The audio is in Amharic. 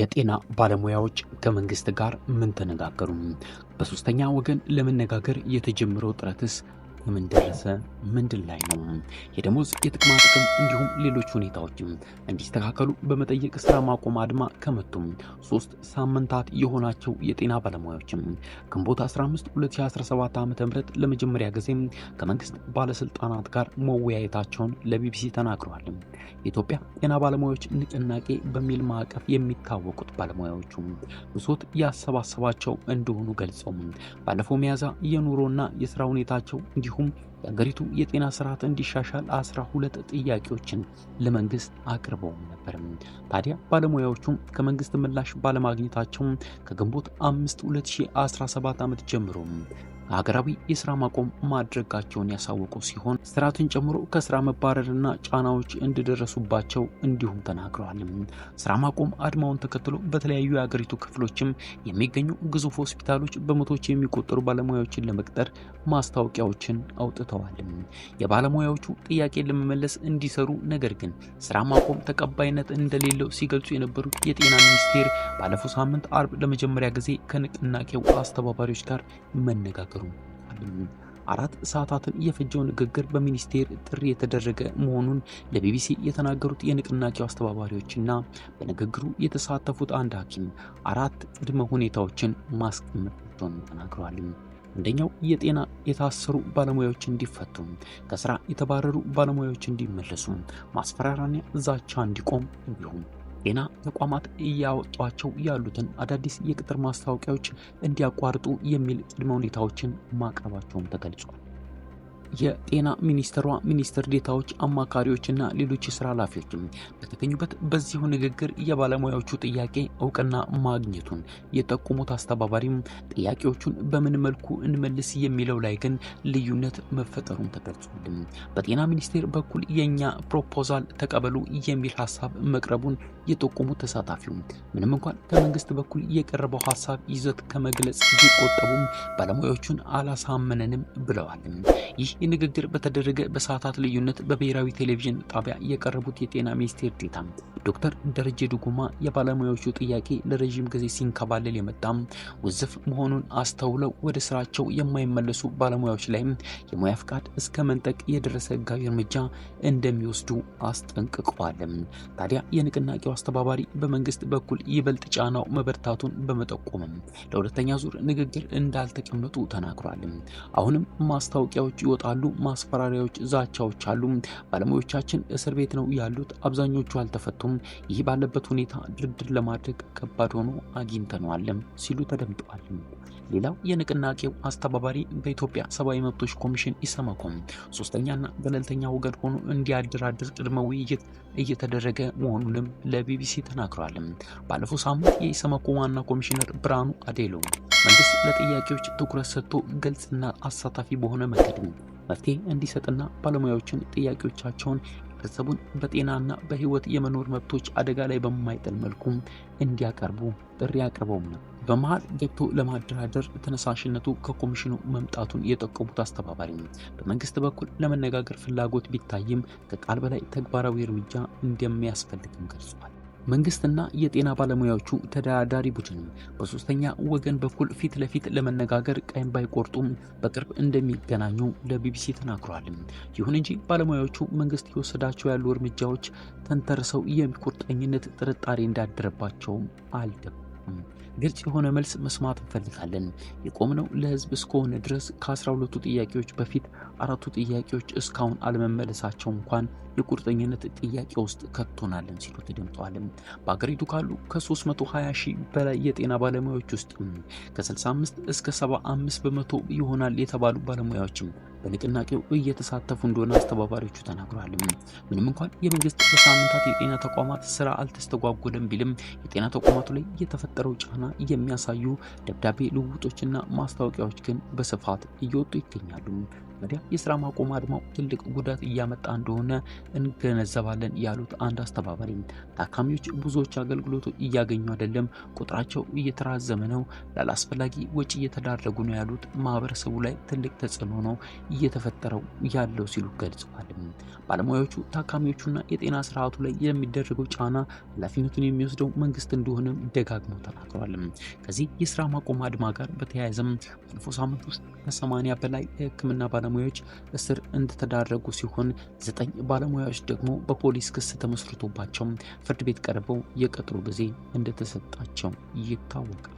የጤና ባለሙያዎች ከመንግስት ጋር ምን ተነጋገሩ? በሶስተኛ ወገን ለመነጋገር የተጀመረው ጥረትስ ምን ደረሰ፣ ምንድን ላይ ነው የደሞዝ የጥቅማ ጥቅም እንዲሁም ሌሎች ሁኔታዎችም እንዲስተካከሉ በመጠየቅ ስራ ማቆም አድማ ከመቱም ሶስት ሳምንታት የሆናቸው የጤና ባለሙያዎችም ግንቦት 15 2017 ዓ ም ለመጀመሪያ ጊዜ ከመንግስት ባለስልጣናት ጋር መወያየታቸውን ለቢቢሲ ተናግረዋል። የኢትዮጵያ ጤና ባለሙያዎች ንቅናቄ በሚል ማዕቀፍ የሚታወቁት ባለሙያዎቹ ብሶት ያሰባሰባቸው እንደሆኑ ገልጸው ባለፈው መያዛ የኑሮና የስራ ሁኔታቸው እንዲሁ እንዲሁም የአገሪቱ የጤና ስርዓት እንዲሻሻል አስራ ሁለት ጥያቄዎችን ለመንግስት አቅርበውም ነበር። ታዲያ ባለሙያዎቹም ከመንግስት ምላሽ ባለማግኘታቸው ከግንቦት 5 2017 ዓመት ጀምሮ ለሀገራዊ የስራ ማቆም ማድረጋቸውን ያሳወቁ ሲሆን ስርዓትን ጨምሮ ከስራ መባረርና ጫናዎች እንደደረሱባቸው እንዲሁም ተናግረዋል። ስራ ማቆም አድማውን ተከትሎ በተለያዩ የሀገሪቱ ክፍሎችም የሚገኙ ግዙፍ ሆስፒታሎች በመቶች የሚቆጠሩ ባለሙያዎችን ለመቅጠር ማስታወቂያዎችን አውጥተዋል። የባለሙያዎቹ ጥያቄ ለመመለስ እንዲሰሩ ነገር ግን ስራ ማቆም ተቀባይነት እንደሌለው ሲገልጹ የነበሩት የጤና ሚኒስቴር ባለፈው ሳምንት አርብ ለመጀመሪያ ጊዜ ከንቅናቄው አስተባባሪዎች ጋር መነጋገሩ አልተናገሩ። አራት ሰዓታትን የፈጀው ንግግር በሚኒስቴር ጥሪ የተደረገ መሆኑን ለቢቢሲ የተናገሩት የንቅናቄው አስተባባሪዎችና በንግግሩ የተሳተፉት አንድ ሐኪም አራት ቅድመ ሁኔታዎችን ማስቀመጣቸውን ተናግረዋል። አንደኛው የጤና የታሰሩ ባለሙያዎች እንዲፈቱ፣ ከስራ የተባረሩ ባለሙያዎች እንዲመለሱ፣ ማስፈራሪያና ዛቻ እንዲቆም እንዲሁም ጤና ተቋማት እያወጧቸው ያሉትን አዳዲስ የቅጥር ማስታወቂያዎች እንዲያቋርጡ የሚል ቅድመ ሁኔታዎችን ማቅረባቸውም ተገልጿል። የጤና ሚኒስትሯ ሚኒስትር ዴታዎች፣ አማካሪዎችና ሌሎች የስራ ኃላፊዎችም በተገኙበት በዚሁ ንግግር የባለሙያዎቹ ጥያቄ እውቅና ማግኘቱን የጠቆሙት አስተባባሪም ጥያቄዎቹን በምን መልኩ እንመልስ የሚለው ላይ ግን ልዩነት መፈጠሩን ተገልጿል። በጤና ሚኒስቴር በኩል የእኛ ፕሮፖዛል ተቀበሉ የሚል ሀሳብ መቅረቡን የጠቆሙት ተሳታፊው ምንም እንኳን ከመንግስት በኩል የቀረበው ሀሳብ ይዘት ከመግለጽ ቢቆጠቡም ባለሙያዎቹን አላሳመነንም ብለዋል። ይህ ይህ ንግግር በተደረገ በሰዓታት ልዩነት በብሔራዊ ቴሌቪዥን ጣቢያ የቀረቡት የጤና ሚኒስቴር ዴታም ዶክተር ደረጀ ዱጉማ የባለሙያዎቹ ጥያቄ ለረዥም ጊዜ ሲንከባለል የመጣም ውዝፍ መሆኑን አስተውለው ወደ ስራቸው የማይመለሱ ባለሙያዎች ላይም የሙያ ፍቃድ እስከ መንጠቅ የደረሰ ህጋዊ እርምጃ እንደሚወስዱ አስጠንቅቀዋል። ታዲያ የንቅናቄው አስተባባሪ በመንግስት በኩል ይበልጥ ጫናው መበርታቱን በመጠቆምም ለሁለተኛ ዙር ንግግር እንዳልተቀመጡ ተናግሯል። አሁንም ማስታወቂያዎች ይወጣሉ፣ ማስፈራሪያዎች፣ ዛቻዎች አሉ። ባለሙያዎቻችን እስር ቤት ነው ያሉት፣ አብዛኞቹ አልተፈቱም ምክንያቱም ይህ ባለበት ሁኔታ ድርድር ለማድረግ ከባድ ሆኖ አግኝተነዋልም ሲሉ ተደምጠዋል። ሌላው የንቅናቄው አስተባባሪ በኢትዮጵያ ሰብአዊ መብቶች ኮሚሽን ኢሰመኮም ሶስተኛና ገለልተኛ ወገን ሆኖ እንዲያደራድር ቅድመ ውይይት እየተደረገ መሆኑንም ለቢቢሲ ተናግሯል። ባለፈው ሳምንት የኢሰመኮ ዋና ኮሚሽነር ብርሃኑ አዴሎ መንግስት ለጥያቄዎች ትኩረት ሰጥቶ ግልጽና አሳታፊ በሆነ መንገድ መፍትሄ እንዲሰጥና ባለሙያዎችን ጥያቄዎቻቸውን ህብረተሰቡን በጤናና በህይወት የመኖር መብቶች አደጋ ላይ በማይጥል መልኩ እንዲያቀርቡ ጥሪ አቅርበውም ነው። በመሀል ገብቶ ለማደራደር ተነሳሽነቱ ከኮሚሽኑ መምጣቱን የጠቀሙት አስተባባሪ በመንግስት በኩል ለመነጋገር ፍላጎት ቢታይም ከቃል በላይ ተግባራዊ እርምጃ እንደሚያስፈልግም ገልጿል። መንግስትና የጤና ባለሙያዎቹ ተደራዳሪ ቡድን በሶስተኛ ወገን በኩል ፊት ለፊት ለመነጋገር ቀን ባይቆርጡም በቅርብ እንደሚገናኙ ለቢቢሲ ተናግሯል። ይሁን እንጂ ባለሙያዎቹ መንግስት የወሰዳቸው ያሉ እርምጃዎች ተንተርሰው የቁርጠኝነት ጥርጣሬ እንዳደረባቸውም አልደበቁም። ግልጽ የሆነ መልስ መስማት እንፈልጋለን። የቆምነው ለህዝብ እስከሆነ ድረስ ከአስራ ሁለቱ ጥያቄዎች በፊት አራቱ ጥያቄዎች እስካሁን አለመመለሳቸው እንኳን የቁርጠኝነት ጥያቄ ውስጥ ከቶናለን ሲሉ ተደምጠዋል። በአገሪቱ ካሉ ከ320 ሺህ በላይ የጤና ባለሙያዎች ውስጥ ከ65 እስከ 75 በመቶ ይሆናል የተባሉ ባለሙያዎችም በንቅናቄው እየተሳተፉ እንደሆነ አስተባባሪዎቹ ተናግረዋል። ምንም እንኳን የመንግስት በሳምንታት የጤና ተቋማት ስራ አልተስተጓጎለም ቢልም የጤና ተቋማቱ ላይ የተፈጠረው ጫና የሚያሳዩ ደብዳቤ ልውውጦችና ማስታወቂያዎች ግን በስፋት እየወጡ ይገኛሉ። መዲያ የስራ ማቆም አድማው ትልቅ ጉዳት እያመጣ እንደሆነ እንገነዘባለን ያሉት አንድ አስተባባሪ ታካሚዎች ብዙዎች አገልግሎቱ እያገኙ አይደለም፣ ቁጥራቸው እየተራዘመ ነው፣ ላላስፈላጊ ወጪ እየተዳረጉ ነው ያሉት ማህበረሰቡ ላይ ትልቅ ተጽዕኖ ነው እየተፈጠረው ያለው ሲሉ ገልጸዋል። ባለሙያዎቹ ታካሚዎቹና የጤና ስርዓቱ ላይ የሚደረገው ጫና ኃላፊነቱን የሚወስደው መንግስት እንደሆነም ደጋግሞ ተናግረዋል። ከዚህ የስራ ማቆም አድማ ጋር በተያያዘም ባለፈው ሳምንት ውስጥ ከ80 በላይ የህክምና ባለ ባለሙያዎች እስር እንደተዳረጉ ሲሆን ዘጠኝ ባለሙያዎች ደግሞ በፖሊስ ክስ ተመስርቶባቸው ፍርድ ቤት ቀርበው የቀጠሮ ጊዜ እንደተሰጣቸው ይታወቃል።